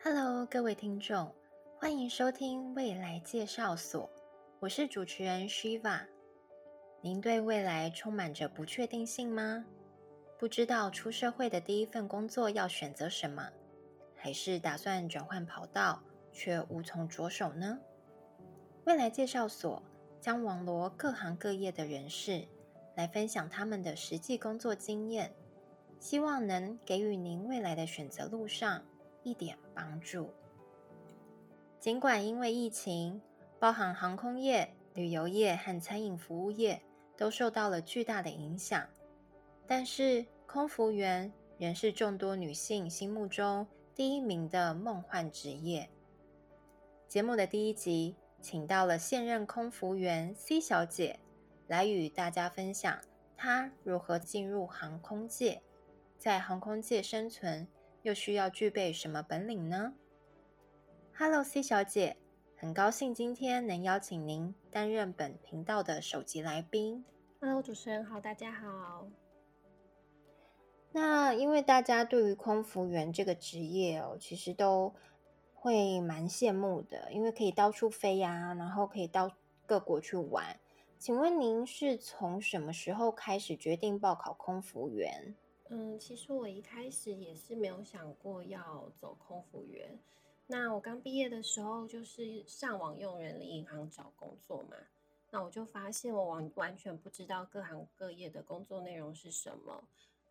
Hello，各位聽眾，歡迎收聽未來介紹所。我是主持人 Shiva。您對未來充滿着不確定性嗎？不知道出社會的第一份工作要選擇什麼，還是打算轉換跑道卻無從着手呢？未來介紹所將網羅各行各業的人士，來分享他們的實際工作經驗，希望能給予您未來的選擇路上一點幫助。儘管因為疫情，包含航空業、旅遊業和餐飲服務業都受到了巨大的影響，但是空服員仍是眾多女性心目中第一名的夢幻職業。節目的第一集，請到了現任空服員 C 小姐，來與大家分享她如何進入航空界，在航空界生存。又需要具備什麼本領呢？Hello，C 小姐，很高興今天能邀請您擔任本頻道的首席來賓。Hello，主持人好，大家好。那因為大家對於空服員這個職業，哦，其實都會蠻羨慕的，因為可以到處飛呀，啊，然後可以到各國去玩。請問您是從什麼時候開始決定報考空服員？嗯，其實我一開始也是沒有想過要走空服員。那我剛畢業的時候，就是上網用人力銀行找工作嘛。那我就發現，我完完全不知道各行各業的工作內容是什麼，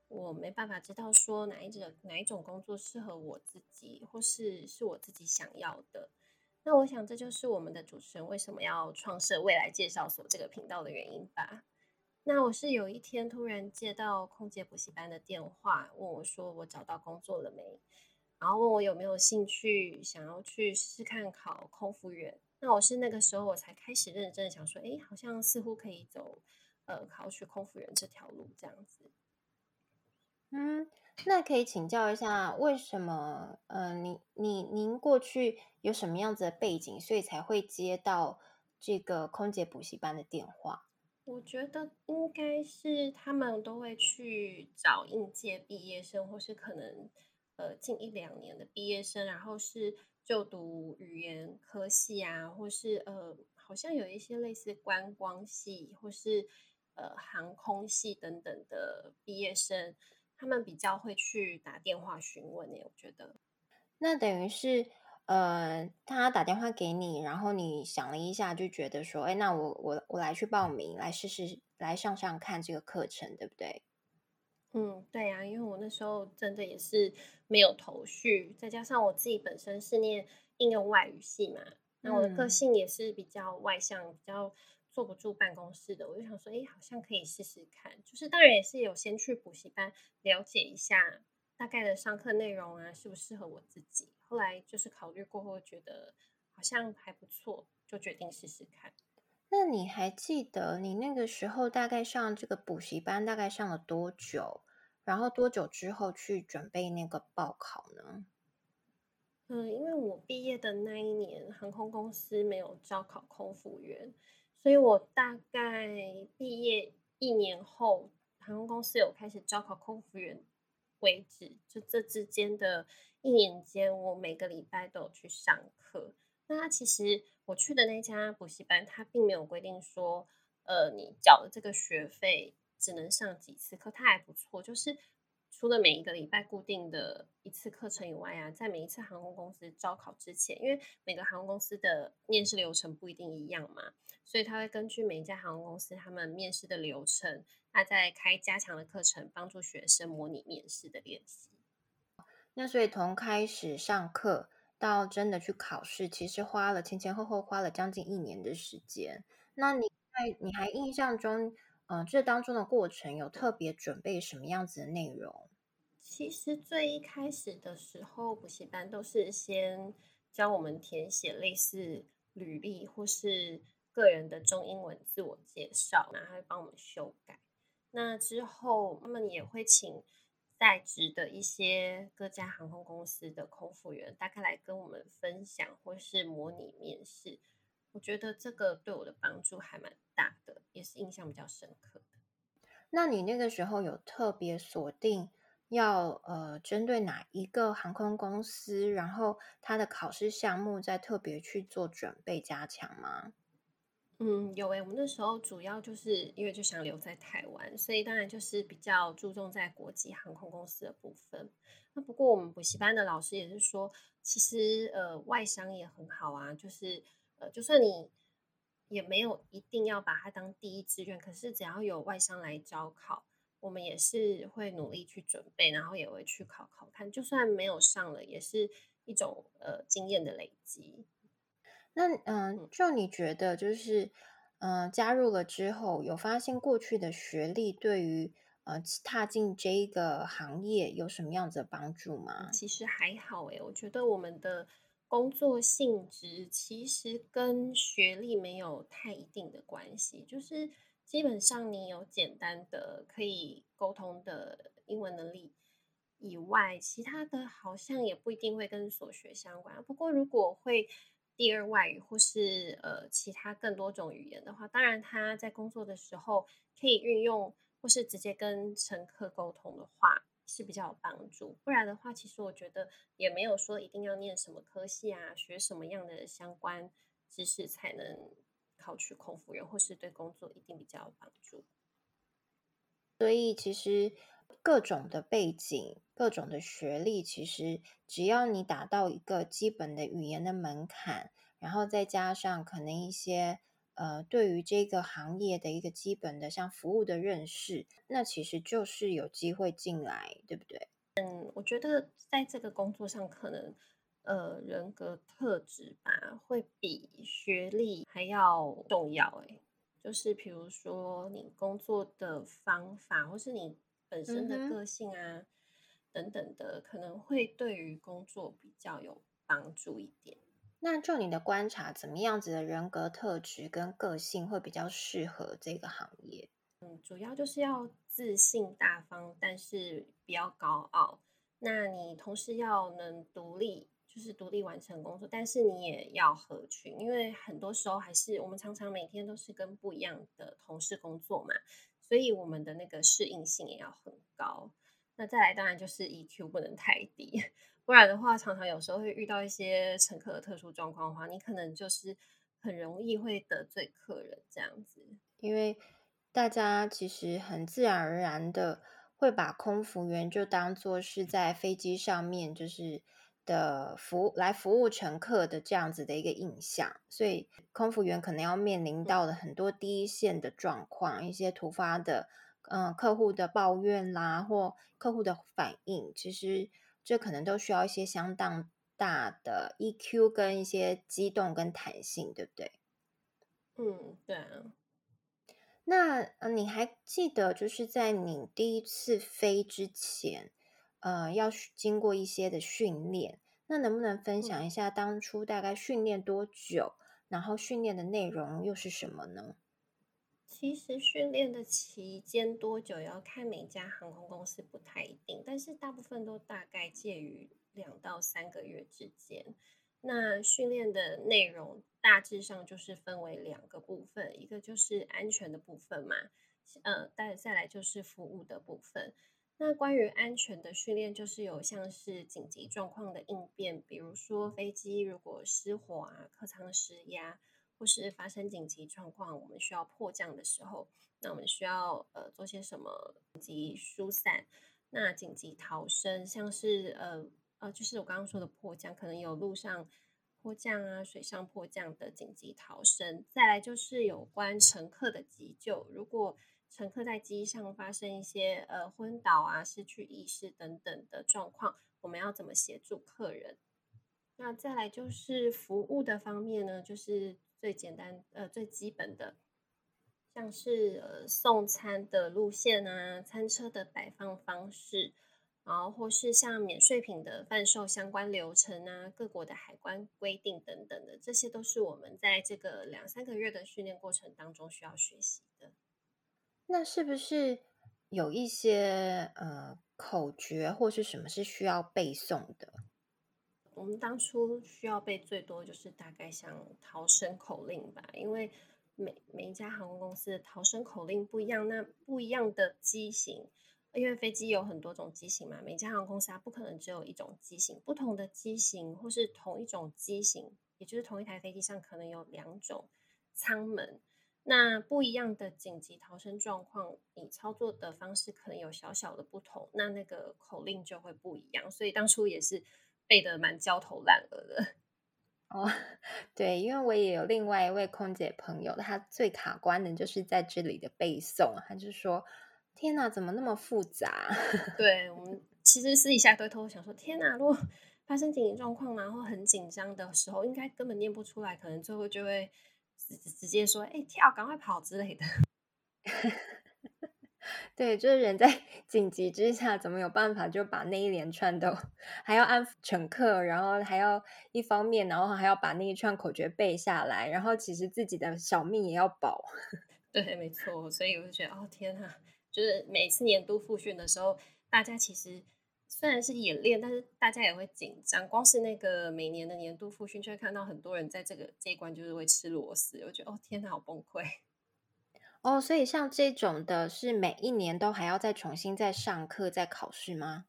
我沒辦法知道說哪一種哪一種工作適合我自己，或是是我自己想要的。那我想，這就是我們的主持人為什麼要創設未來介紹所這個頻道的原因吧。那我是有一天突然接到空姐補習班的電話，問我說：“我找到工作了沒？”然後問我有沒有興趣想要去試看考空服員。那我是那個時候我才開始認真的想說：“哎、欸，好像似乎可以走呃考取空服員這條路這樣子。”嗯，那可以請教一下，為什麼呃你你您過去有什麼樣子的背景，所以才會接到這個空姐補習班的電話？我覺得應該是他們都會去找應屆畢業生，或是可能呃近一兩年的畢業生，然後是就讀語言科系啊，或是呃好像有一些類似觀光系或是呃航空系等等的畢業生，他們比較會去打電話詢問誒。我覺得那等於是。呃，他打電話給你，然後你想了一下，就覺得說，哎，那我我我來去報名，來試試，來上上看這個課程，對不對？嗯，對啊，因為我那時候真的也是沒有頭緒，再加上我自己本身是念應用外語系嘛，嗯，那我的個性也是比較外向，比較坐不住辦公室的，我就想說，哎，好像可以試試看，就是當然也是有先去補習班了解一下大概的上課內容啊，適不適合我自己。後來就是考慮過後，覺得好像還不錯，就決定試試看。那你還記得你那個時候大概上這個補習班，大概上了多久？然後多久之後去準備那個報考呢？嗯，因為我畢業的那一年航空公司沒有招考空服員，所以我大概畢業一年後，航空公司有開始招考空服員為止，就這之間的一年間，我每個禮拜都有去上課。那他其實我去的那家補習班，他並沒有規定說，呃，你繳了這個學費只能上幾次課，他還不錯。就是除了每一個禮拜固定的一次課程以外啊，在每一次航空公司招考之前，因為每個航空公司的面試流程不一定一樣嘛，所以他會根據每一家航空公司他們面試的流程，他再開加強的課程，幫助學生模擬面試的練習。那所以從開始上課到真的去考試，其實花了前前後後花了將近一年的時間。那你在你還印象中，嗯、呃，這當中的過程有特別準備什麼樣子的內容？其實最一開始的時候，補習班都是先教我們填寫類似履歷或是個人的中英文自我介紹，然後幫我們修改。那之後他們也會請。在職的一些各家航空公司的空服員，大概來跟我們分享或是模擬面試，我覺得這個對我的幫助還蠻大的，也是印象比較深刻的。那你那個時候有特別鎖定要呃針對哪一個航空公司，然後它的考試項目再特別去做準備加強嗎？嗯，有哎、欸，我們那時候主要就是因為就想留在台灣，所以當然就是比較注重在國際航空公司的部分。那不過我們補習班的老師也是說，其實呃外商也很好啊，就是呃就算你也沒有一定要把它當第一志願，可是只要有外商來招考，我們也是會努力去準備，然後也會去考考看，就算沒有上了，也是一種呃經驗的累積。那嗯、呃，就你覺得就是嗯、呃，加入了之後有發現過去的學歷對於呃踏進這個行業有什麼樣子的幫助嗎？嗯、其實還好誒、欸，我覺得我們的工作性質其實跟學歷沒有太一定的關係，就是基本上你有簡單的可以溝通的英文能力以外，其他的好像也不一定會跟所學相關。不過如果會。第二外語或是呃其他更多種語言的話，當然他在工作的時候可以運用或是直接跟乘客溝通的話是比較有幫助。不然的話，其實我覺得也沒有說一定要念什麼科系啊，學什麼樣的相關知識才能考取空服員，或是對工作一定比較有幫助。所以其實。各種的背景，各種的學歷，其實只要你達到一個基本的語言的門檻，然後再加上可能一些呃對於這個行業的一個基本的像服務的認識，那其實就是有機會進來，對不對？嗯，我覺得在這個工作上，可能呃人格特質吧，會比學歷還要重要欸。誒，就是比如說你工作的方法，或是你。本身的個性啊、嗯，等等的，可能會對於工作比較有幫助一點。那就你的觀察，怎麼樣子的人格特質跟個性會比較適合這個行業？嗯，主要就是要自信大方，但是比較高傲。那你同時要能獨立，就是獨立完成工作，但是你也要合群，因為很多時候還是我們常常每天都是跟不一樣的同事工作嘛。所以我們的那個適應性也要很高。那再來，當然就是 EQ 不能太低，不然的話，常常有時候會遇到一些乘客的特殊狀況的話，你可能就是很容易會得罪客人這樣子。因為大家其實很自然而然的會把空服員就當做是在飛機上面就是。的服來服務乘客的這樣子的一個印象，所以空服員可能要面臨到的很多第一線的狀況，一些突發的，嗯、呃，客戶的抱怨啦，或客戶的反應，其實這可能都需要一些相當大的 EQ 跟一些機動跟彈性，對不對？嗯，對、啊。那你還記得，就是在你第一次飛之前，呃，要經過一些的訓練，那能不能分享一下當初大概訓練多久，嗯、然後訓練的內容又是什麼呢？其實訓練的期間多久要看每家航空公司不太一定，但是大部分都大概介於兩到三個月之間。那訓練的內容大致上就是分為兩個部分，一個就是安全的部分嘛，呃，再再來就是服務的部分。那關於安全的訓練，就是有像是緊急狀況的應變，比如說飛機如果失火啊、客艙失壓，或是發生緊急狀況，我們需要迫降的時候，那我們需要呃做些什麼？緊急疏散，那緊急逃生，像是呃呃，就是我剛剛說的迫降，可能有陸上迫降啊、水上迫降的緊急逃生。再來就是有關乘客的急救，如果。乘客在機上發生一些呃昏倒啊、失去意識等等的狀況，我們要怎麼協助客人？那再來就是服務的方面呢，就是最簡單呃最基本的，像是呃送餐的路線啊、餐車的擺放方式，然後或是像免稅品的販售相關流程啊、各國的海關規定等等的，這些都是我們在這個兩三個月的訓練過程當中需要學習。那是不是有一些呃口訣或是什麼是需要背誦的？我們當初需要背最多就是大概像逃生口令吧，因為每每一家航空公司的逃生口令不一樣。那不一樣的機型，因為飛機有很多種機型嘛，每一家航空公司它不可能只有一種機型。不同的機型或是同一種機型，也就是同一台飛機上可能有兩種艙門。那不一樣的緊急逃生狀況，你操作的方式可能有小小的不同，那那個口令就會不一樣。所以當初也是背得蠻焦頭爛額的。哦，對，因為我也有另外一位空姐朋友，她最卡關的就是在這裡的背誦。她就說：“天哪，怎麼那麼複雜？” 對，我們其實私底下都偷偷想說：“天哪，如果發生緊急狀況，然後很緊張的時候，應該根本念不出來，可能最後就會。”直直接說，哎、欸，跳，趕快跑之類的。 對，就是人在緊急之下，怎麼有辦法就把那一連串都還要安撫乘客，然後還要一方面，然後還要把那一串口訣背下來，然後其實自己的小命也要保。對，沒錯。所以我就覺得，哦天啊，就是每次年度復訓的時候，大家其實。雖然是演練，但是大家也會緊張。光是那個每年的年度復訓，就會看到很多人在這個這一關就是會吃螺絲，我覺得哦天吶，好崩潰。哦，所以像這種的是每一年都還要再重新再上課再考試嗎？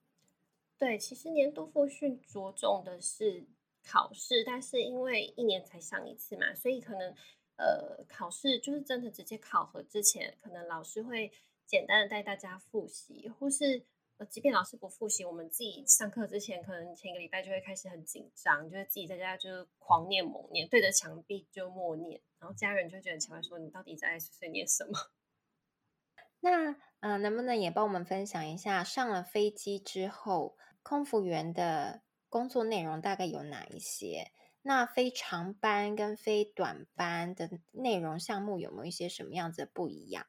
對，其實年度復訓着重的是考試，但是因為一年才上一次嘛，所以可能呃考試就是真的直接考核之前，可能老師會簡單的帶大家複習，或是。呃，即便老師不復習，我們自己上課之前，可能前一個禮拜就會開始很緊張，就是自己在家就是狂念猛念，對着牆壁就默念，然後家人就會覺得奇怪，說你到底在碎碎念什麼？那，嗯、呃，能不能也幫我們分享一下上了飛機之後空服員的工作內容大概有哪一些？那飛長班跟飛短班的內容項目有沒有一些什麼樣子的不一樣？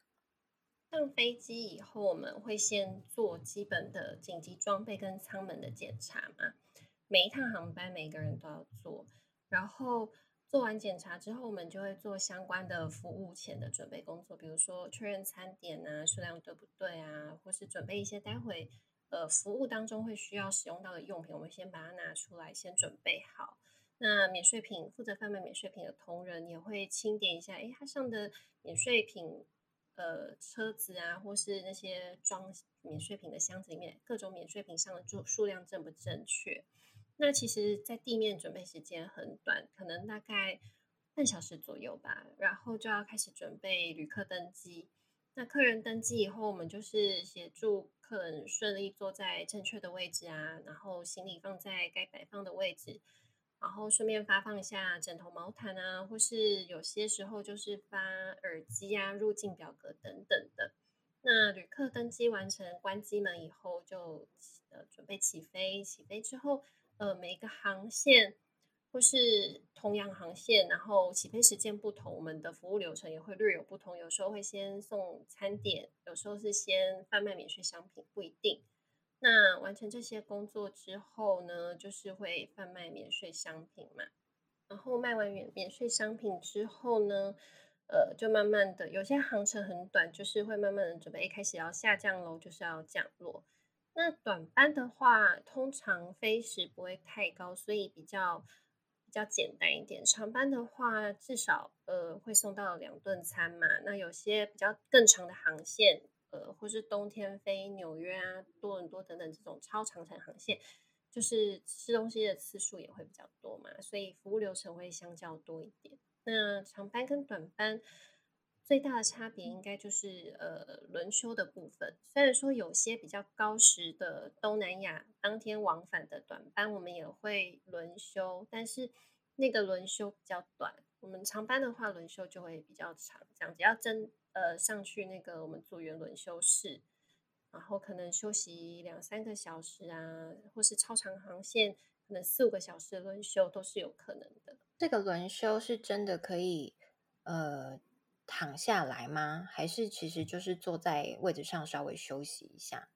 上飛機以後，我們會先做基本的緊急裝備跟艙門的檢查嘛。每一趟航班，每個人都要做。然後做完檢查之後，我們就會做相關的服務前的準備工作，比如說確認餐點啊，數量對不對啊，或是準備一些待會，呃，服務當中會需要使用到的用品，我們先把它拿出來，先準備好。那免稅品，負責販賣免稅品的同仁也會清點一下，哎，它上的免稅品。呃，車子啊，或是那些裝免稅品的箱子裡面，各種免稅品上的數量正不正確？那其實，在地面準備時間很短，可能大概半小時左右吧。然後就要開始準備旅客登機。那客人登機以後，我們就是協助客人順利坐在正確的位置啊，然後行李放在該擺放的位置。然後順便發放一下枕頭、毛毯啊，或是有些時候就是發耳機啊、入境表格等等的。那旅客登機完成、關機門以後就起，就呃準備起飛。起飛之後，呃，每個航線或是同樣航線，然後起飛時間不同，我們的服務流程也會略有不同。有時候會先送餐點，有時候是先販賣免稅商品，不一定。那完成這些工作之後呢，就是會販賣免稅商品嘛。然後賣完免稅商品之後呢，呃，就慢慢的，有些航程很短，就是會慢慢的準備一開始要下降嘍，就是要降落。那短班的話，通常飛時不會太高，所以比較比較簡單一點。長班的話，至少呃會送到兩頓餐嘛。那有些比較更長的航線。呃，或是冬天飛紐約啊、多倫多等等這種超長程航線，就是吃東西的次數也會比較多嘛，所以服務流程會相較多一點。那長班跟短班最大的差別應該就是呃輪休的部分。雖然說有些比較高時的東南亞當天往返的短班我們也會輪休，但是那個輪休比較短。我們長班的話輪休就會比較長，這樣子要真。呃，上去那個我們組員輪休室，然後可能休息兩三個小時啊，或是超長航線，可能四五個小時的輪休都是有可能的。這個輪休是真的可以呃躺下來嗎？還是其實就是坐在位置上稍微休息一下？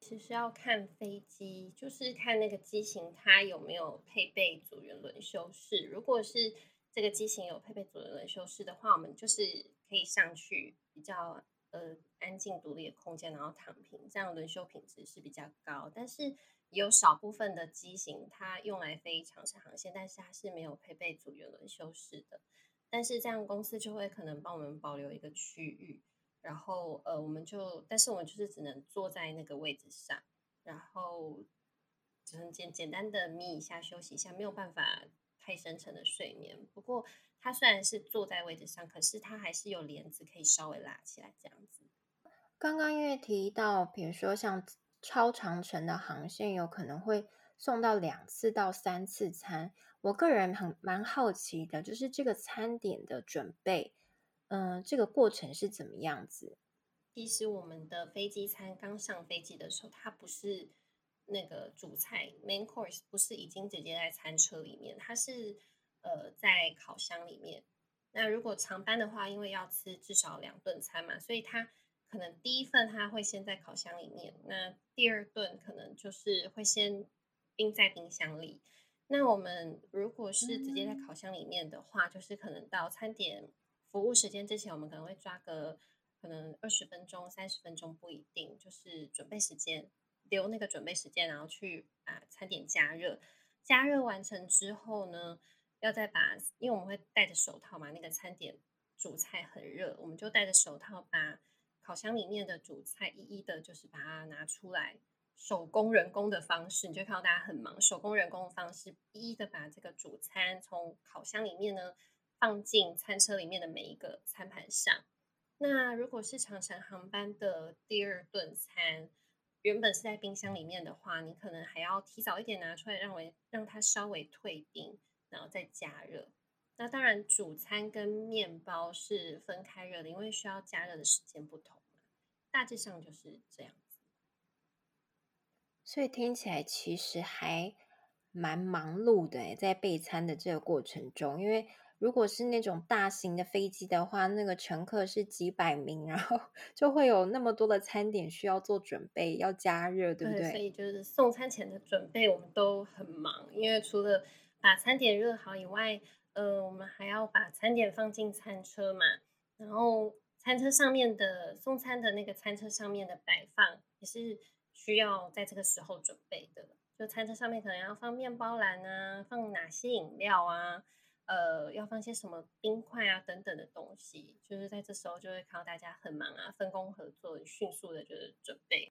其實要看飛機，就是看那個機型它有沒有配備組員輪休室。如果是這個機型有配備組員輪休室的話，我們就是。可以上去比較呃安靜獨立的空間，然後躺平，這樣輪休品質是比較高。但是也有少部分的機型，它用來飛長程航線，但是它是沒有配備組員輪休室的。但是這樣公司就會可能幫我們保留一個區域，然後呃我們就，但是我們就是只能坐在那個位置上，然後只能簡簡單的眯一下休息一下，沒有辦法。最深層的睡眠。不過，它雖然是坐在位置上，可是，它還是有簾子可以稍微拉起來這樣子。剛剛因為提到，比如說像超長程的航線，有可能會送到兩次到三次餐。我個人很蠻好奇的，就是這個餐點的準備，嗯、呃，這個過程是怎麼樣子？其實我們的飛機餐剛上飛機的時候，它不是。那個主菜 main course 不是已經直接在餐車裡面，它是呃在烤箱裡面。那如果長班的話，因為要吃至少兩頓餐嘛，所以它可能第一份它會先在烤箱裡面，那第二頓可能就是會先冰在冰箱裡。那我們如果是直接在烤箱裡面的話，mm -hmm. 就是可能到餐點服務時間之前，我們可能會抓個可能二十分鐘、三十分鐘不一定，就是準備時間。留那個準備時間，然後去把餐點加熱。加熱完成之後呢，要再把，因為我們會戴着手套嘛，那個餐點主菜很熱，我們就戴着手套把烤箱裡面的主菜一一的，就是把它拿出來，手工人工的方式，你就看到大家很忙，手工人工的方式，一一的把這個主餐從烤箱裡面呢，放進餐車裡面的每一個餐盤上。那如果是長程航班的第二頓餐，原本是在冰箱裡面的話，你可能還要提早一點拿出來，讓為讓它稍微退冰，然後再加熱。那當然，主餐跟麵包是分開熱的，因為需要加熱的時間不同嘛。大致上就是這樣子。所以聽起來其實還蠻忙碌的，在備餐的這個過程中，因為。如果是那種大型的飛機的話，那個乘客是幾百名，然後就會有那麼多的餐點需要做準備，要加熱，對不對？對，所以就是送餐前的準備，我們都很忙，因為除了把餐點熱好以外，呃，我們還要把餐點放進餐車嘛，然後餐車上面的送餐的那個餐車上面的擺放也是需要在這個時候準備的，就餐車上面可能要放麵包籃啊，放哪些飲料啊。呃，要放些什麼冰塊啊，等等的東西，就是在這時候就會看到大家很忙啊，分工合作，迅速的就是準備。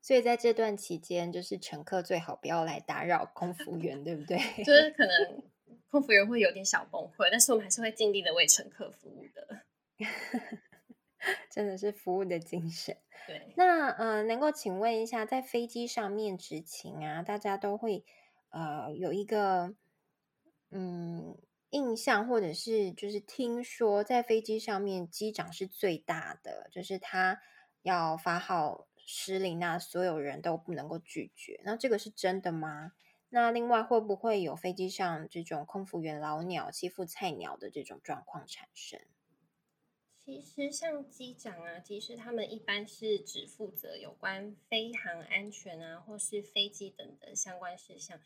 所以在這段期間，就是乘客最好不要來打擾空服員， 對不對？就是可能空服員會有點小崩潰， 但是我們還是會盡力的為乘客服務的。 真的是服務的精神。對。那呃，能夠請問一下，在飛機上面執勤啊，大家都會呃有一個嗯。印象或者是就是聽說在飛機上面，機長是最大的，就是他要發號施令啊，那所有人都不能夠拒絕。那這個是真的嗎？那另外會不會有飛機上這種空服員老鳥欺負菜鳥的這種狀況產生？其實像機長啊，其實他們一般是只負責有關飛航安全啊，或是飛機等等相關事項。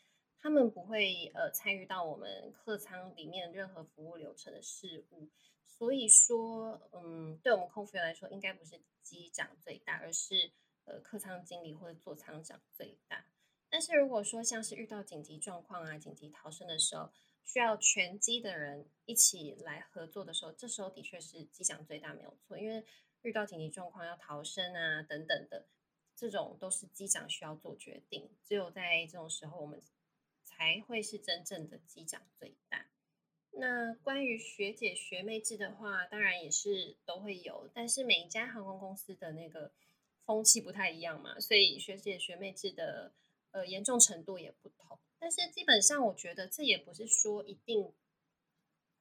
他們不會呃參與到我們客艙裡面任何服務流程的事務，所以說嗯，對我們空服員來說，應該不是機長最大，而是呃客艙經理或者座艙長最大。但是如果說像是遇到緊急狀況啊、緊急逃生的時候，需要全機的人一起來合作的時候，這時候的確是機長最大沒有錯，因為遇到緊急狀況要逃生啊等等的，這種都是機長需要做決定。只有在這種時候，我們。還會是真正的機長最大。那關於學姐學妹制的話，當然也是都會有，但是每一家航空公司的那個風氣不太一樣嘛，所以學姐學妹制的呃嚴重程度也不同。但是基本上，我覺得這也不是說一定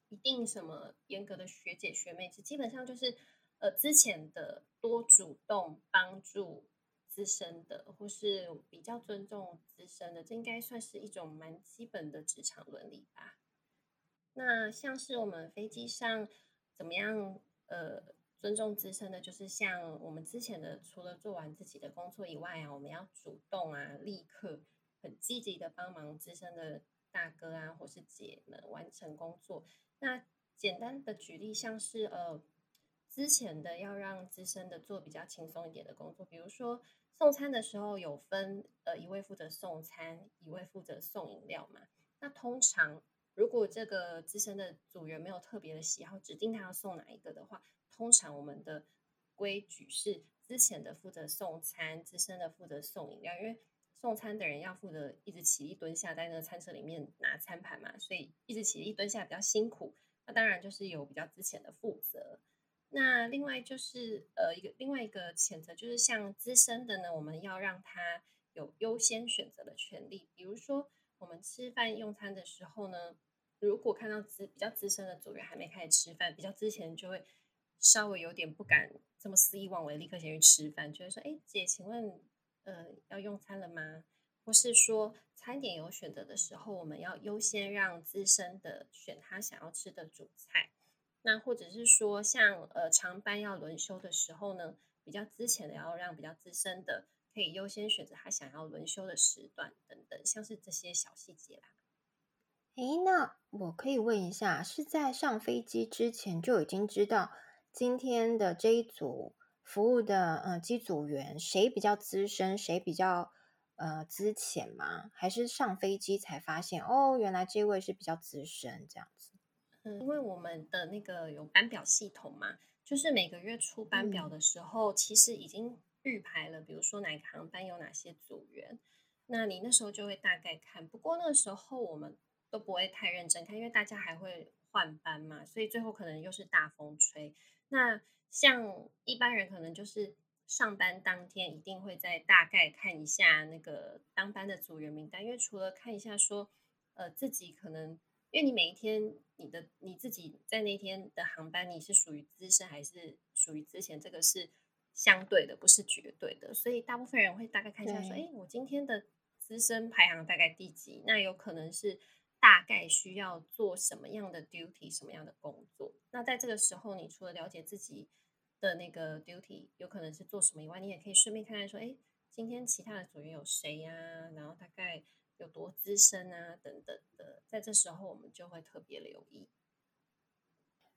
一定什麼嚴格的學姐學妹制，基本上就是呃之前的多主動幫助。資深的，或是比較尊重資深的，這應該算是一種蠻基本的職場倫理吧。那像是我們飛機上怎麼樣？呃，尊重資深的，就是像我們之前的，除了做完自己的工作以外啊，我們要主動啊，立刻很積極的幫忙資深的大哥啊，或是姐們完成工作。那簡單的舉例，像是呃，之前的要讓資深的做比較輕鬆一點的工作，比如說。送餐的時候有分，呃，一位負責送餐，一位負責送飲料嘛。那通常如果這個資深的組員沒有特別的喜好，指定他要送哪一個的話，通常我們的規矩是資淺的負責送餐，資深的負責送飲料。因為送餐的人要負責一直起立蹲下在那個餐車裡面拿餐盤嘛，所以一直起立蹲下比較辛苦。那當然就是有比較資淺的負責。那另外就是，呃，一個另外一個選擇就是，像資深的呢，我們要讓他有優先選擇的權利。比如說，我們吃飯用餐的時候呢，如果看到資比較資深的組員還沒開始吃飯，比較資淺就會稍微有點不敢這麼肆意妄為，立刻先去吃飯，就會說，哎，姐，請問，呃，要用餐了嗎？或是說，餐點有選擇的時候，我們要優先讓資深的選他想要吃的主菜。那或者是說像，像呃，長班要輪休的時候呢，比較之前的要讓比較資深的可以優先選擇他想要輪休的時段等等，像是這些小細節啦。哎，那我可以問一下，是在上飛機之前就已經知道今天的這一組服務的嗯、呃、機組員誰比較資深，誰比較呃資淺嗎？還是上飛機才發現哦，原來這位是比較資深這樣子？嗯，因為我們的那個有班表系統嘛，就是每個月出班表的時候，嗯，其實已經預排了，比如說哪個航班有哪些組員，那你那時候就會大概看。不過那時候我們都不會太認真看，因為大家還會換班嘛，所以最後可能又是大風吹。那像一般人可能就是上班當天一定會再大概看一下那個當班的組員名單，因為除了看一下說，呃，自己可能。因為你每一天，你的你自己在那天的航班，你是屬於資深還是屬於之前，這個是相對的，不是絕對的。所以大部分人會大概看一下，說：“哎，我今天的資深排行大概第幾？”那有可能是大概需要做什麼樣的 duty，什麼樣的工作。那在這個時候，你除了了解自己的那個 duty 有可能是做什麼以外，你也可以順便看看說：“哎，今天其他的組員有誰呀、啊？”然後大概。有多資深啊，等等的，在這時候我們就會特別留意。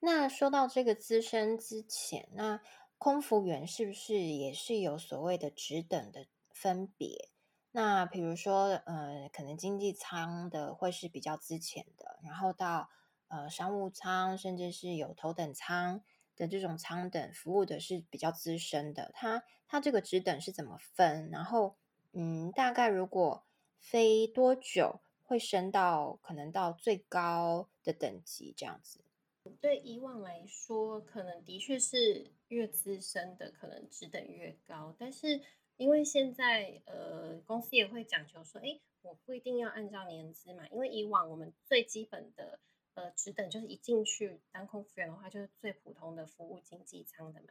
那說到這個資深之前，那空服員是不是也是有所謂的職等的分別？那比如說，呃，可能經濟艙的會是比較資淺的，然後到呃商務艙，甚至是有頭等艙的這種艙等服務的是比較資深的。它它這個職等是怎麼分？然後，嗯，大概如果飛多久會升到可能到最高的等級這樣子？對以往來說，可能的確是越資深的可能職等越高，但是因為現在呃公司也會講求說，哎，我不一定要按照年資嘛，因為以往我們最基本的呃職等就是一進去當空服員的話就是最普通的服務經濟艙的嘛，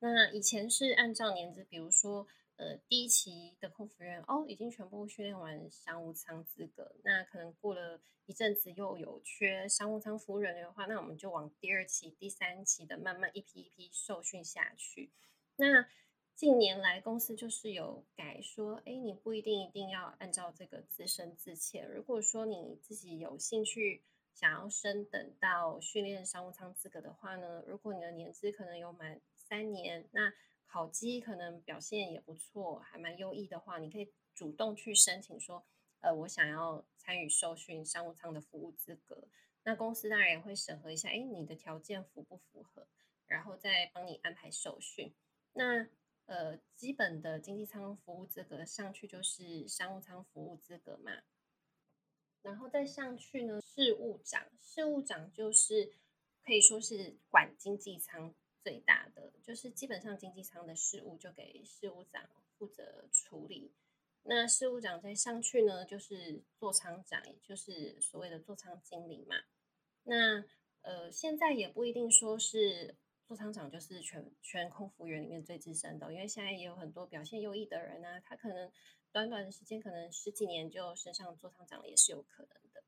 那以前是按照年資，比如說。呃，第一期的空服人員哦，已經全部訓練完商務艙資格。那可能過了一陣子，又有缺商務艙服務人員的話，那我們就往第二期、第三期的慢慢一批一批受訓下去。那近年來公司就是有改說，哎，你不一定一定要按照這個資深資淺。如果說你自己有興趣想要升等到訓練商務艙資格的話呢，如果你的年資可能有滿三年，那考績可能表現也不錯，還蠻優異的話，你可以主動去申請說，呃，我想要參與受訓商務艙的服務資格。那公司當然也會審核一下，誒，你的條件符不符合，然後再幫你安排受訓。那呃，基本的經濟艙服務資格上去就是商務艙服務資格嘛，然後再上去呢，事務長，事務長就是可以說是管經濟艙。最大的就是基本上經濟艙的事務就給事務長負責處理，那事務長再上去呢，就是座艙長，也就是所謂的座艙經理嘛。那呃，現在也不一定說是座艙長就是全全空服員裡面最資深的，因為現在也有很多表現優異的人呢、啊，他可能短短的時間，可能十幾年就升上座艙長也是有可能的。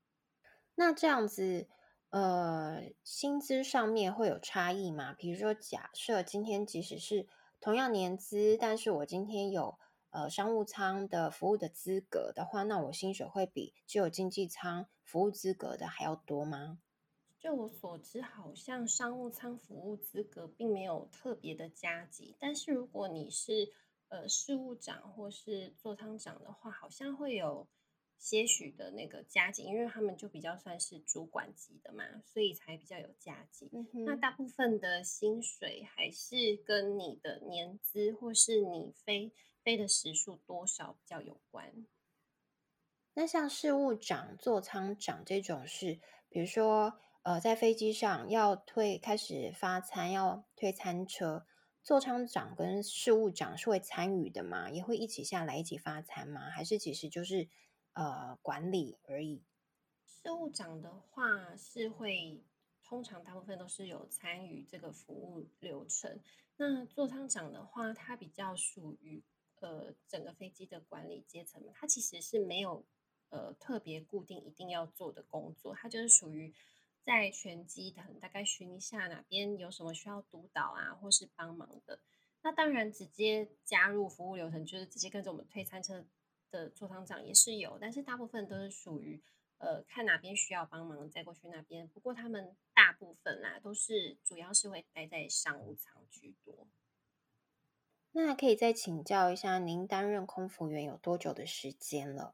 那這樣子。呃，薪資上面會有差異嗎？比如說，假設今天即使是同樣年資，但是我今天有呃商務艙的服務的資格的話，那我薪水會比只有經濟艙服務資格的還要多嗎？就我所知，好像商務艙服務資格並沒有特別的加級，但是如果你是呃事務長或是座艙長的話，好像會有。些許的那個加給，因為他們就比較算是主管級的嘛，所以才比較有加給、嗯。那大部分的薪水還是跟你的年資或是你飛飛的時數多少比較有關。那像事務長、座艙長這種事，比如說呃，在飛機上要推開始發餐要推餐車，座艙長跟事務長是會參與的嘛，也會一起下來一起發餐嘛，還是其實就是。呃，管理而已。事務長的話是會通常大部分都是有參與這個服務流程。那座艙長的話，他比較屬於呃，整個飛機的管理階層嘛，他其實是沒有呃特別固定一定要做的工作，他就是屬於在全機等大概巡一下哪邊有什麼需要督導啊或是幫忙的。那當然直接加入服務流程，就是直接跟着我們推餐車。做艙長也是有，但是大部分都是屬於，呃，看哪邊需要幫忙再過去那邊。不過他們大部分啦，都是主要是會待在商務艙居多。那可以再請教一下，您擔任空服員有多久的時間了？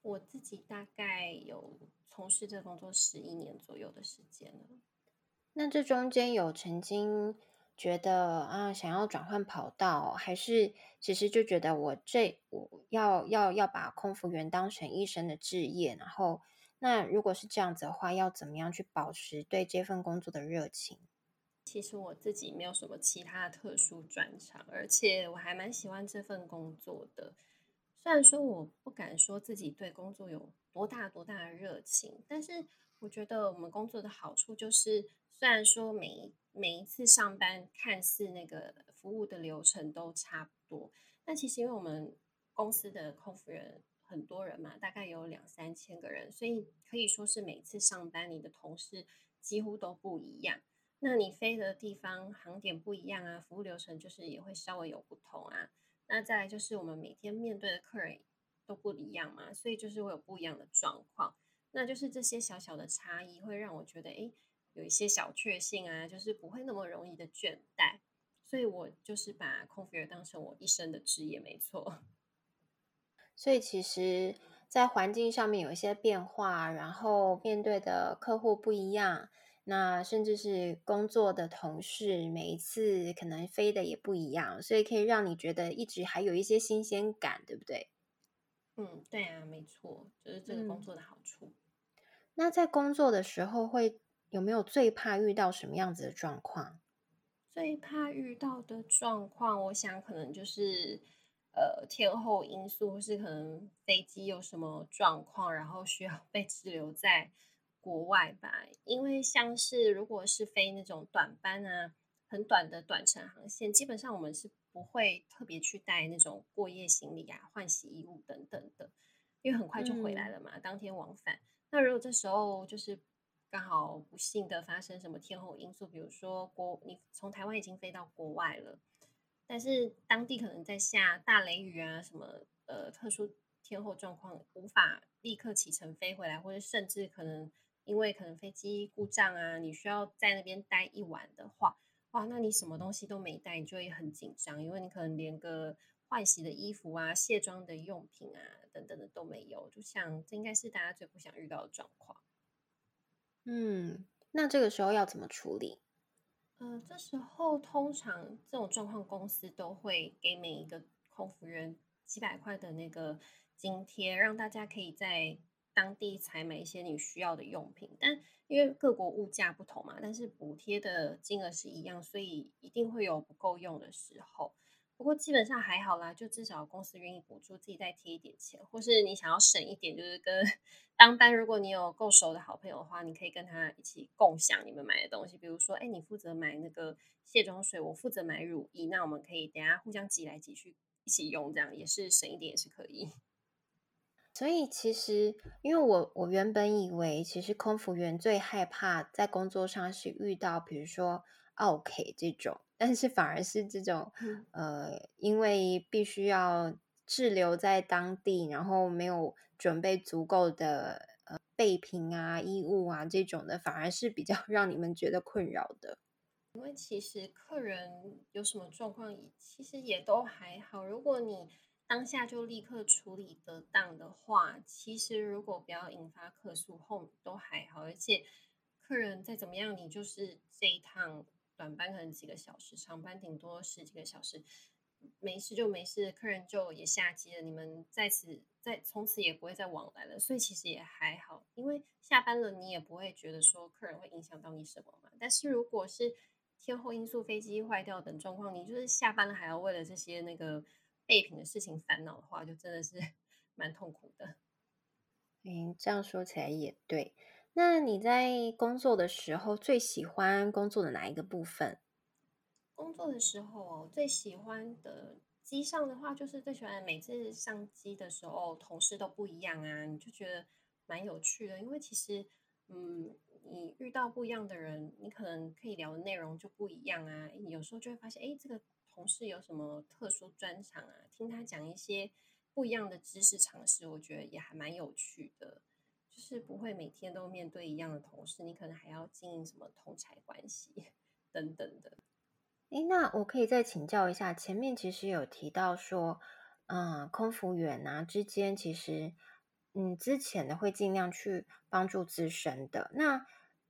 我自己大概有從事這工作十一年左右的時間了。那這中間有曾經。覺得啊，想要轉換跑道，還是其實就覺得我這我要要要把空服員當成一生的志業。然後，那如果是這樣子的話，要怎麼樣去保持對這份工作的熱情？其實我自己沒有什麼其他的特殊專長，而且我還蠻喜歡這份工作的。雖然說我不敢說自己對工作有多大多大的熱情，但是。我覺得我們工作的好處就是，雖然說每每一次上班看似那個服務的流程都差不多，那其實因為我們公司的空服人很多人嘛，大概有兩三千個人，所以可以說是每一次上班你的同事幾乎都不一樣。那你飛的地方航點不一樣啊，服務流程就是也會稍微有不同啊。那再來就是我們每天面對的客人都不一樣嘛，所以就是會有不一樣的狀況。那就是這些小小的差異會讓我覺得，哎，有一些小確幸啊，就是不會那麼容易的倦怠。所以我就是把空服員當成我一生的職業，沒錯。所以其實，在環境上面有一些變化，然後面對的客戶不一樣，那甚至是工作的同事，每一次可能飛的也不一樣，所以可以讓你覺得一直還有一些新鮮感，對不對？嗯，對啊，沒錯，就是這個工作的好處。嗯那在工作的時候，會有沒有最怕遇到什麼樣子的狀況？最怕遇到的狀況，我想可能就是呃天候因素，或是可能飛機有什麼狀況，然後需要被滯留在國外吧。因為像是如果是飛那種短班啊，很短的短程航線，基本上我們是不會特別去帶那種過夜行李啊、換洗衣物等等的，因為很快就回來了嘛，嗯、當天往返。那如果這時候就是剛好不幸的發生什麼天候因素，比如說國你從台灣已經飛到國外了，但是當地可能在下大雷雨啊，什麼呃特殊天候狀況無法立刻啟程飛回來，或者甚至可能因為可能飛機故障啊，你需要在那邊待一晚的話，哇，那你什麼東西都沒帶，你就會很緊張，因為你可能連個換洗的衣服啊、卸妝的用品啊等等的都沒有，就想這應該是大家最不想遇到的狀況。嗯，那這個時候要怎麼處理？嗯、呃，這時候通常這種狀況，公司都會給每一個空服員幾百塊的那個津貼，讓大家可以在當地採買一些你需要的用品。但因為各國物價不同嘛，但是補貼的金額是一樣，所以一定會有不夠用的時候。不過基本上還好啦，就至少公司願意補助，自己再貼一點錢，或是你想要省一點，就是跟當班，如果你有夠熟的好朋友的話，你可以跟他一起共享你們買的東西，比如說，哎、欸，你負責買那個卸妝水，我負責買乳液，那我們可以等下互相擠來擠去一起用，這樣也是省一點也是可以。所以其實，因為我我原本以為，其實空服員最害怕在工作上是遇到，比如說奧客這種。但是反而是這種、嗯，呃，因為必須要滯留在當地，然後沒有準備足夠的呃備品啊、衣物啊這種的，反而是比較讓你們覺得困擾的。因為其實客人有什麼狀況，其實也都還好。如果你當下就立刻處理得當的話，其實如果不要引發客訴後都還好，而且客人再怎麼樣，你就是這一趟。短班可能幾個小時，長班頂多十幾個小時，沒事就沒事，客人就也下機了，你們在此在從此也不會再往來了，所以其實也還好，因為下班了你也不會覺得說客人會影響到你什麼嘛。但是如果是天候因素、飛機壞掉等狀況，你就是下班了還要為了這些那個備品的事情煩惱的話，就真的是蠻痛苦的。嗯，這樣說起來也對。那你在工作的時候最喜歡工作的哪一個部分？工作的時候，最喜歡的機上的話，就是最喜歡每次上機的時候，同事都不一樣啊，你就覺得蠻有趣的。因為其實，嗯，你遇到不一樣的人，你可能可以聊的內容就不一樣啊。有時候就會發現，誒、欸，這個同事有什麼特殊專長啊？聽他講一些不一樣的知識常識，我覺得也還蠻有趣的。是不會每天都面對一樣的同事。你可能還要經營什麼同儕關係等等的誒。那我可以再請教一下，前面其實有提到說，嗯，空服員啊之間其實，嗯，之前的會盡量去幫助自身的。那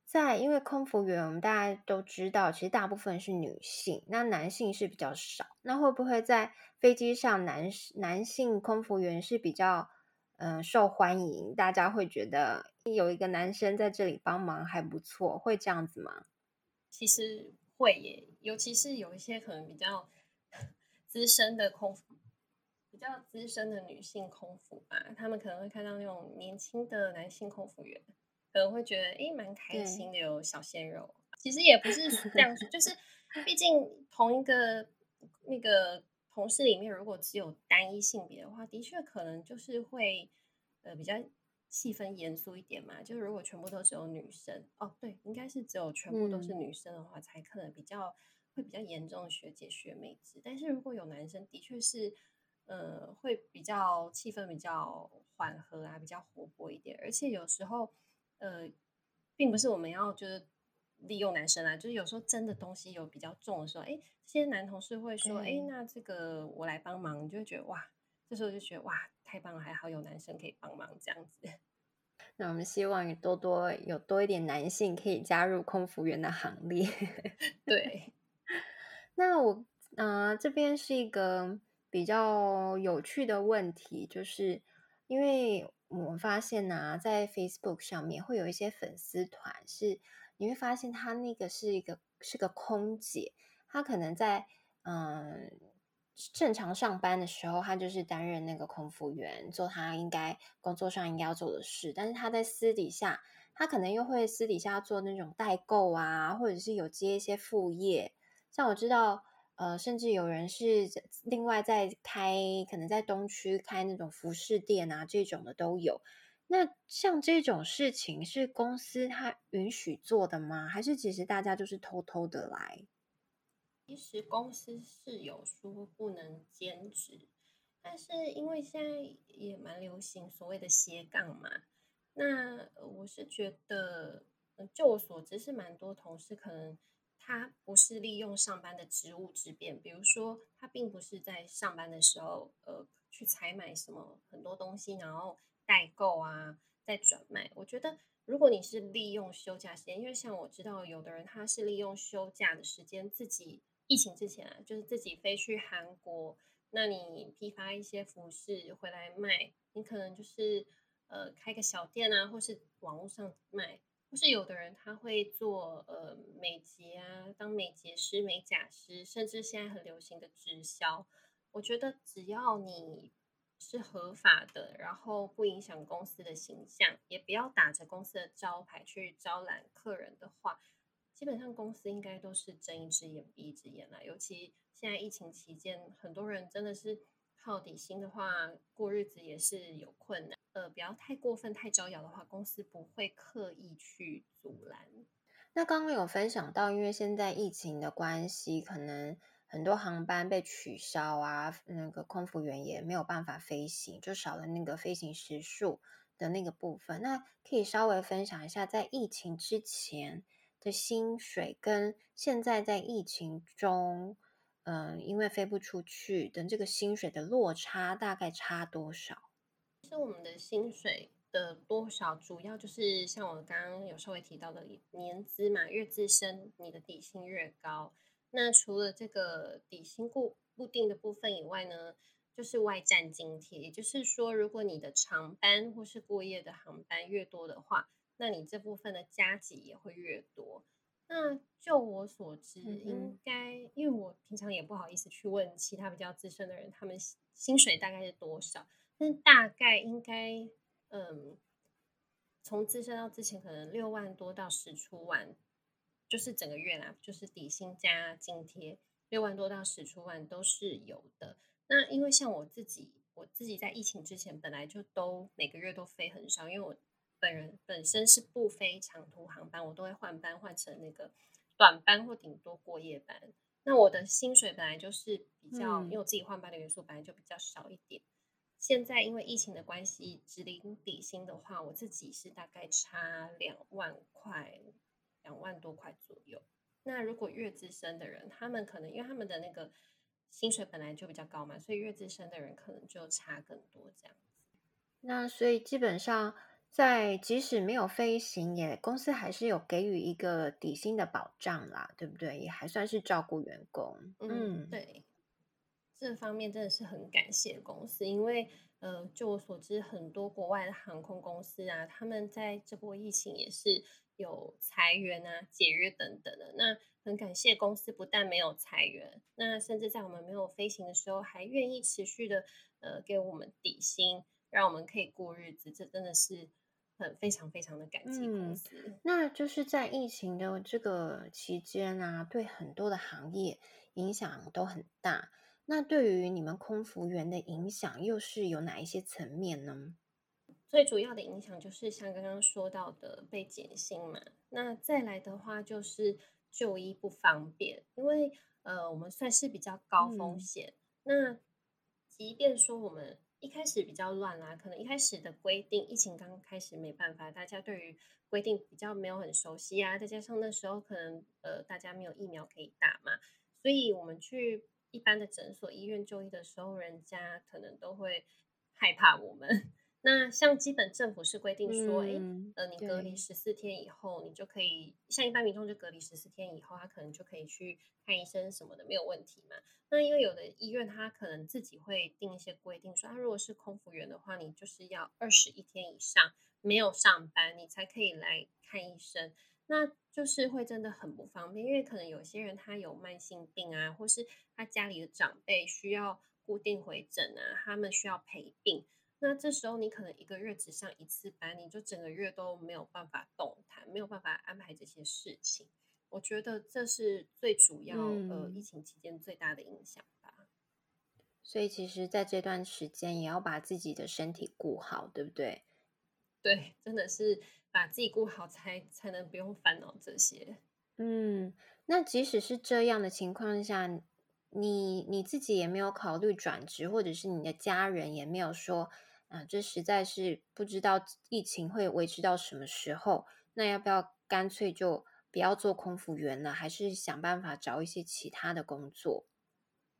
在因為空服員，我們大家都知道，其實大部分是女性，那男性是比較少。那會不會在飛機上男、男，男性空服員是比較？嗯、呃，受歡迎，大家會覺得有一個男生在這裡幫忙還不錯，會這樣子嗎？其實會耶，尤其是有一些可能比較資深的空，比較資深的女性空服吧，他們可能會看到那種年輕的男性空服員，可能會覺得哎、欸，蠻開心的，有小鮮肉。其實也不是這樣說。 就是畢竟同一個那個。同事裡面如果只有單一性別的話，的確可能就是會呃比較氣氛嚴肅一點嘛。就是如果全部都只有女生，哦對，應該是只有全部都是女生的話，才可能比較會比較嚴重學姐學妹制。但是如果有男生，的確是呃會比較氣氛比較緩和啊，比較活潑一點。而且有時候呃並不是我們要就是。利用男生啊，就是有時候真的東西有比較重的時候，哎，這些男同事會說：“哎、嗯，那這個我來幫忙。”你就會覺得哇，這時候就覺得哇，太棒了，還好有男生可以幫忙這樣子。那我們希望有多多有多一點男性可以加入空服員的行列。對。 那我呃這邊是一個比較有趣的問題，就是因為我發現呢、啊，在 Facebook 上面會有一些粉絲團是。你會發現，她那個是一個是個空姐，她可能在嗯正常上班的時候，她就是擔任那個空服員，做她應該工作上應該要做的事。但是她在私底下，她可能又會私底下做那種代購啊，或者是有接一些副業。像我知道，呃，甚至有人是另外在開，可能在東區開那種服飾店啊，這種的都有。那像這種事情是公司他允許做的嗎？還是其實大家就是偷偷的來？其實公司是有說不能兼職，但是因為現在也蠻流行所謂的斜槓嘛。那我是覺得，就我所知是蠻多同事可能他不是利用上班的職務之便，比如說他並不是在上班的時候呃去採買什麼很多東西，然後。代購啊，再轉賣。我覺得，如果你是利用休假時間，因為像我知道，有的人他是利用休假的時間，自己疫情之前、啊、就是自己飛去韓國，那你批發一些服飾回來賣，你可能就是呃開個小店啊，或是網路上賣，或是有的人他會做呃美睫啊，當美睫師、美甲師，甚至現在很流行的直銷。我覺得，只要你是合法的，然後不影響公司的形象，也不要打着公司的招牌去招攬客人的話，基本上公司應該都是睜一隻眼閉一隻眼啦。尤其現在疫情期間，很多人真的是靠底薪的話過日子也是有困難。呃，不要太過分、太招搖的話，公司不會刻意去阻攔。那剛剛有分享到，因為現在疫情的關係，可能。很多航班被取消啊，那個空服員也沒有辦法飛行，就少了那個飛行時數的那個部分。那可以稍微分享一下，在疫情之前的薪水跟現在在疫情中，嗯，因為飛不出去的，的這個薪水的落差大概差多少？其實我們的薪水的多少，主要就是像我剛剛有稍微提到的年資嘛，越資深你的底薪越高。那除了這個底薪固固定的部分以外呢，就是外站津貼，也就是說，如果你的長班或是過夜的航班越多的話，那你這部分的加給也會越多。那就我所知，應該因為我平常也不好意思去問其他比較資深的人，他們薪水大概是多少？但是大概應該，嗯，從資深到之前可能六萬多到十出萬。就是整個月啦，就是底薪加津貼，六萬多到十出萬都是有的。那因為像我自己，我自己在疫情之前本來就都每個月都飛很少，因為我本人本身是不飛長途航班，我都會換班換成那個短班或頂多過夜班。那我的薪水本來就是比較，因為我自己換班的元素本來就比較少一點。嗯、現在因為疫情的關係，只領底薪的話，我自己是大概差兩萬塊。兩萬多塊左右。那如果越資深的人，他們可能因為他們的那個薪水本來就比較高嘛，所以越資深的人可能就差更多這樣子。那所以基本上，在即使沒有飛行也，也公司還是有給予一個底薪的保障啦，對不對？也還算是照顧員工。嗯，對。這方面真的是很感謝公司，因為呃，就我所知，很多國外的航空公司啊，他們在這波疫情也是。有裁員啊、解約等等的，那很感謝公司不但沒有裁員，那甚至在我們沒有飛行的時候，還願意持續的呃給我們底薪，讓我們可以過日子，這真的是很非常非常的感激公司。嗯，那就是在疫情的這個期間啊，對很多的行業影響都很大，那對於你們空服員的影響又是有哪一些層面呢？最主要的影響就是像剛剛說到的被減薪嘛，那再來的話就是就醫不方便，因為呃我們算是比較高風險、嗯。那即便說我們一開始比較亂啦、啊，可能一開始的規定，疫情剛開始沒辦法，大家對於規定比較沒有很熟悉啊，再加上那時候可能呃大家沒有疫苗可以打嘛，所以我們去一般的診所、醫院就醫的時候，人家可能都會害怕我們。那像基本政府是規定說，誒、嗯欸、呃，你隔離十四天以後，你就可以像一般民眾就隔離十四天以後，他可能就可以去看醫生什麼的，沒有問題嘛。那因為有的醫院他可能自己會定一些規定，說他如果是空服員的話，你就是要二十一天以上沒有上班，你才可以來看醫生。那就是會真的很不方便，因為可能有些人他有慢性病啊，或是他家裡的長輩需要固定回診啊，他們需要陪病，那這時候你可能一個月只上一次班，你就整個月都沒有辦法動彈，沒有辦法安排這些事情。我覺得這是最主要、嗯、呃，疫情期間最大的影響吧。所以其實在這段時間也要把自己的身體顧好，對不對？對，真的是把自己顧好才、才才能不用煩惱這些。嗯，那即使是這樣的情況下，你你自己也沒有考慮轉職，或者是你的家人也沒有說。嗯，這實在是不知道疫情會維持到什麼時候。那要不要乾脆就不要做空服員了，還是想辦法找一些其他的工作？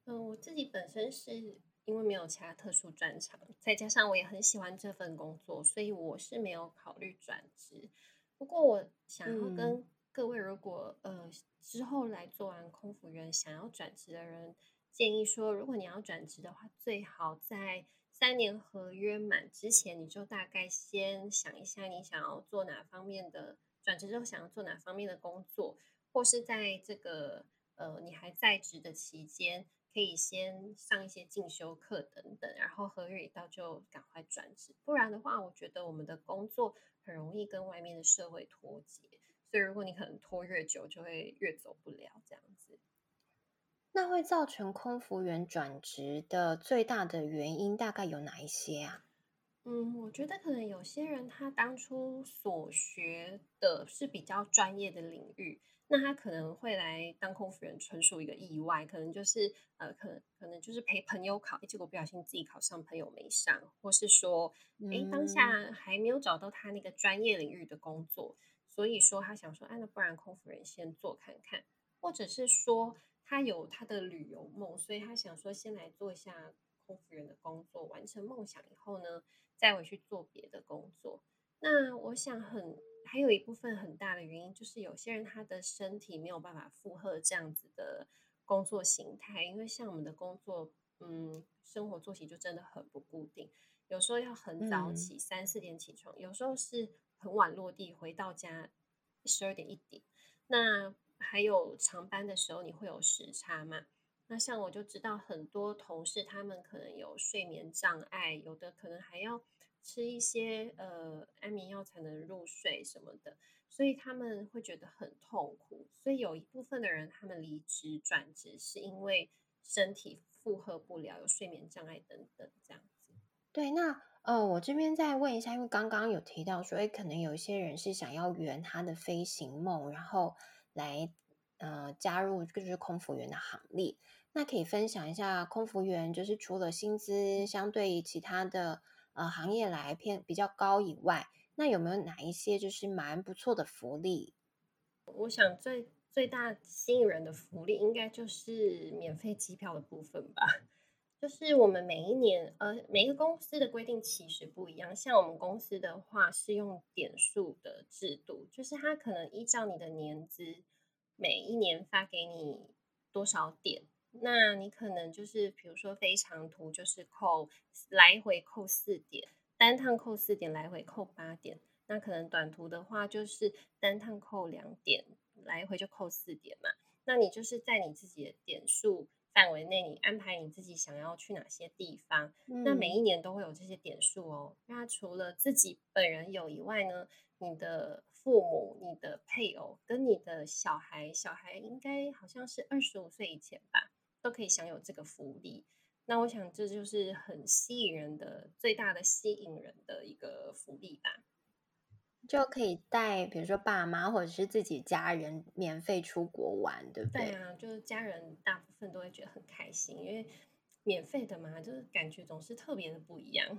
嗯，我自己本身是因為沒有其他特殊專長，再加上我也很喜歡這份工作，所以我是沒有考慮轉職。不過我想要跟各位，如果、嗯、呃之後來做完空服員想要轉職的人，建議說，如果你要轉職的話，最好在。三年合約滿之前，你就大概先想一下，你想要做哪方面的轉職，轉職之後想要做哪方面的工作，或是在這個呃，你還在職的期間，可以先上一些進修課等等。然後合約一到就趕快轉職，不然的話，我覺得我們的工作很容易跟外面的社會脫節。所以如果你可能拖越久，就會越走不了這樣子。那會造成空服員轉職的最大的原因大概有哪一些啊？嗯，我覺得可能有些人他當初所學的是比較專業的領域，那他可能會來當空服員純屬一個意外，可能就是呃，可能可能就是陪朋友考，哎，結果不小心自己考上，朋友沒上，或是說，哎、嗯欸，當下還沒有找到他那個專業領域的工作，所以說他想說，哎、啊，那不然空服員先做看看，或者是說。他有他的旅遊夢，所以他想說先來做一下空服員的工作，完成夢想以後呢，再回去做別的工作。那我想很，還有一部分很大的原因，就是有些人他的身體沒有辦法負荷這樣子的工作形態，因為像我們的工作，嗯，生活作息就真的很不固定，有時候要很早起，三四點起床，嗯，有時候是很晚落地回到家，十二點一點，那。還有長班的時候，你會有時差嘛？那像我就知道很多同事，他們可能有睡眠障礙，有的可能還要吃一些呃安眠藥才能入睡什麼的，所以他們會覺得很痛苦。所以有一部分的人，他們離職轉職是因為身體負荷不了，有睡眠障礙等等這樣子。對，那呃，我這邊再問一下，因為剛剛有提到說，誒，可能有一些人是想要圓他的飛行夢，然後。來，呃，加入就是空服員的行列。那可以分享一下，空服員就是除了薪資相對於其他的呃行業來偏比較高以外，那有沒有哪一些就是蠻不錯的福利？我想最最大吸引人的福利，應該就是免費機票的部分吧。就是我們每一年，呃，每個公司的規定其實不一樣。像我們公司的話是用點數的制度，就是它可能依照你的年資，每一年發給你多少點。那你可能就是，比如說飛長途就是扣來回扣四點，單趟扣四點，來回扣八點。那可能短途的話就是單趟扣兩點，來回就扣四點嘛。那你就是在你自己的點數範圍內，你安排你自己想要去哪些地方。嗯。那每一年都會有這些點數哦。那除了自己本人有以外呢，你的父母、你的配偶跟你的小孩，小孩應該好像是二十五歲以前吧，都可以享有這個福利。那我想這就是很吸引人的，最大的吸引人的一個福利吧。就可以帶，比如說爸媽或者是自己家人免費出國玩，對不對？對啊，就是家人大部分都會覺得很開心，因為免費的嘛，就是感覺總是特別的不一樣。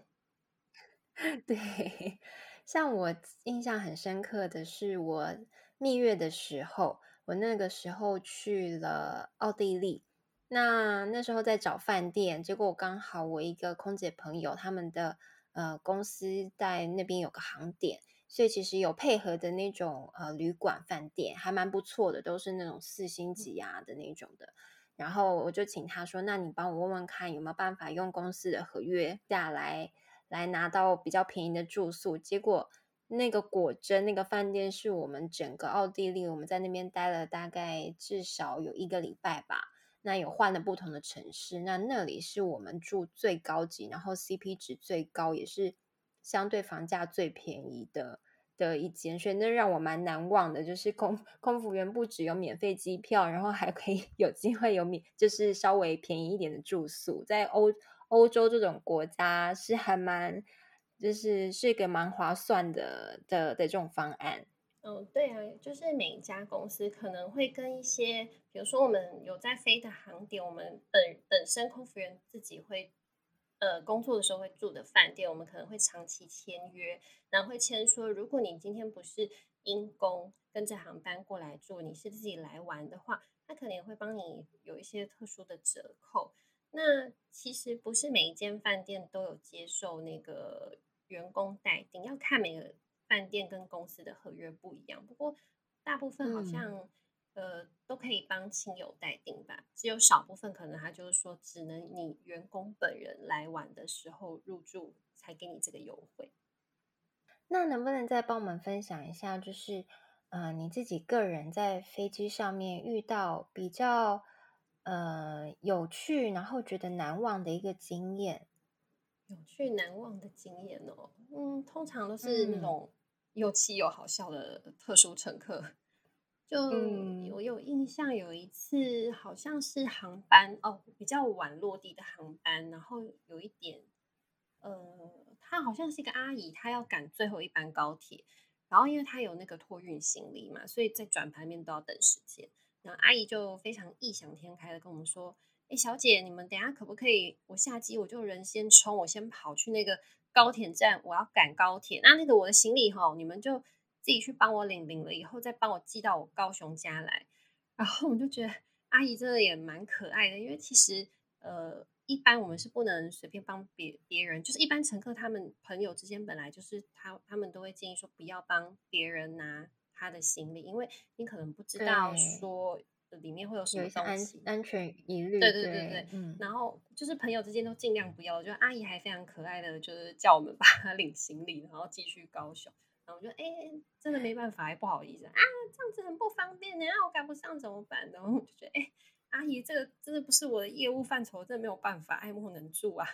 對，像我印象很深刻的是我蜜月的時候，我那個時候去了奧地利，那那時候在找飯店，結果我剛好我一個空姐朋友，他們的，呃，公司在那邊有個航點。所以其實有配合的那種呃旅館飯店還蠻不錯的，都是那種四星級啊的那種的。然後我就請他說，那你幫我問問看有沒有辦法用公司的合約價來來拿到比較便宜的住宿。結果那個果真，那個飯店是我們整個奧地利，我們在那邊待了大概至少有一個禮拜吧。那有換了不同的城市，那那裡是我們住最高級，然後 CP 值最高也是。相對房價最便宜的的一間，所以那讓我蠻難忘的，就是空空服員不只有免費機票，然後還可以有機會有免，就是稍微便宜一點的住宿，在歐歐洲這種國家是還蠻，就是是一個蠻划算的的的這種方案。嗯，對啊，就是每一家公司可能會跟一些，比如說我們有在飛的航點，我們本本身空服員自己會，呃，工作的時候會住的飯店，我們可能會長期簽約，然後會簽說，如果你今天不是因公跟着航班過來住，你是自己來玩的話，他可能也會幫你有一些特殊的折扣。那其實不是每一間飯店都有接受那個員工代訂，要看每個飯店跟公司的合約不一樣。不過大部分好像。呃，都可以幫親友代訂吧，只有少部分可能他就是說，只能你員工本人來玩的時候入住才給你這個優惠。那能不能再幫我們分享一下，就是呃你自己個人在飛機上面遇到比較呃有趣，然後覺得難忘的一個經驗？有趣難忘的經驗哦，嗯，通常都是那種又氣又好笑的特殊乘客。嗯。就我有，有印象，有一次、嗯、好像是航班哦，比較晚落地的航班，然後有一點，呃，她好像是一個阿姨，她要趕最後一班高鐵，然後因為她有那個托運行李嘛，所以在轉盤面都要等時間。然後阿姨就非常異想天開的跟我們說：“哎、欸，小姐，你們等一下可不可以我下機我就人先衝，我先跑去那個高鐵站，我要趕高鐵。那那個我的行李吼，你們就。”自己去幫我領，領了以後，再幫我寄到我高雄家來。然後我們就覺得阿姨真的也蠻可愛的，因為其實呃，一般我們是不能隨便幫別、別人，就是一般乘客他們朋友之間本來就是他、他們都會建議說不要幫別人拿他的行李，因為你可能不知道說裡面會有什麼東西，安全疑慮。對對對對、對、嗯，然後就是朋友之間都盡量不要。就阿姨還非常可愛的，就是叫我們幫他領行李，然後寄去高雄。我覺得哎、欸，真的沒辦法，也不好意思啊，啊，這樣子很不方便呢。啊，我趕不上怎麼辦？然後我就覺得，哎、欸，阿姨，這個真的不是我的業務範疇，真的沒有辦法，愛莫能助啊。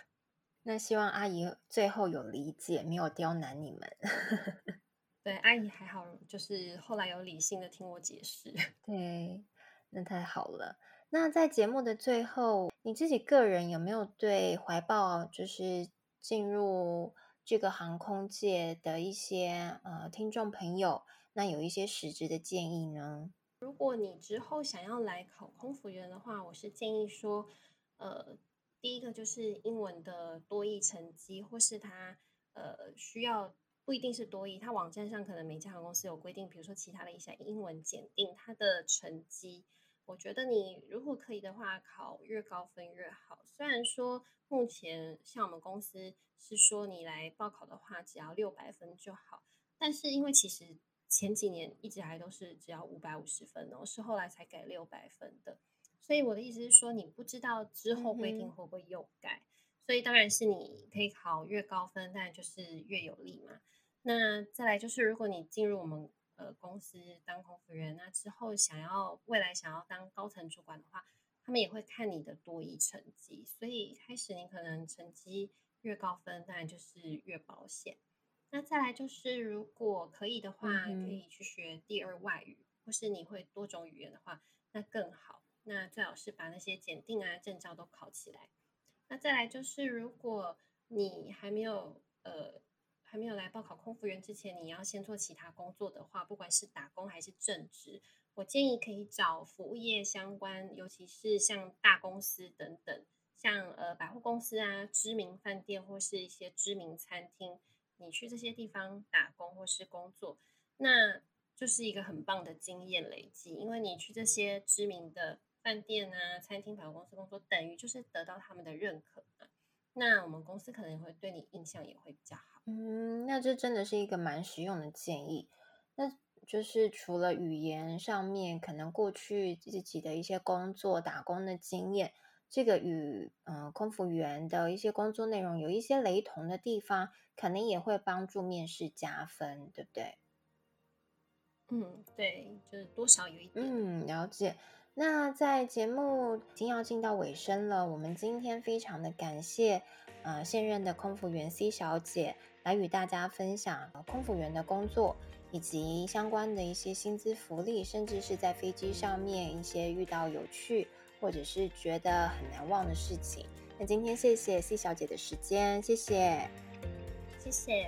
那希望阿姨最後有理解，沒有刁難你們。 對，阿姨還好，就是後來有理性的聽我解釋。對，那太好了。那在節目的最後，你自己個人有沒有對懷抱，就是進入？這個航空界的一些呃聽眾朋友，那有一些實質的建議呢？如果你之後想要來考空服員的話，我是建議說，呃，第一個就是英文的多益成績，或是它呃需要，不一定是多益，它網站上可能每家航空公司有規定，比如說其他的一些英文檢定，它的成績。我覺得你如果可以的話，考越高分越好。雖然說目前像我們公司是說你來報考的話，只要六百分就好，但是因為其實前幾年一直還都是只要五百五十分哦，是後來才改六百分的。所以我的意思是說，你不知道之後規定會不會又改。嗯，所以當然是你可以考越高分，但就是越有利嘛。那再來就是，如果你進入我們。呃，公司當空服員，那之後想要未來想要當高層主管的話，他們也會看你的多益成績。所以開始你可能成績越高分，當然就是越保險。那再來就是，如果可以的話，嗯，可以去學第二外語，或是你會多種語言的話，那更好。那最好是把那些檢定啊證照都考起來。那再來就是，如果你還沒有呃，沒有來報考空服員之前，你要先做其他工作的話，不管是打工還是正職，我建議可以找服務業相關，尤其是像大公司等等，像呃百貨公司啊、知名飯店或是一些知名餐廳，你去這些地方打工或是工作，那就是一個很棒的經驗累積，因為你去這些知名的飯店啊、餐廳百貨公司工作，等於就是得到他們的認可嘛，那我們公司可能會對你印象也會比較好。嗯，那這真的是一個蠻實用的建議。那就是除了語言上面，可能過去自己的一些工作、打工的經驗，這個與呃空服員的一些工作內容有一些雷同的地方，可能也會幫助面試加分，對不對？嗯，對，就是多少有一點嗯了解。那在節目已經要進到尾聲了，我們今天非常的感謝呃現任的空服員 C 小姐，來與大家分享空服員的工作，以及相關的一些薪資福利，甚至是在飛機上面一些遇到有趣或者是覺得很難忘的事情。那今天謝謝 C 小姐的時間，謝謝，謝謝。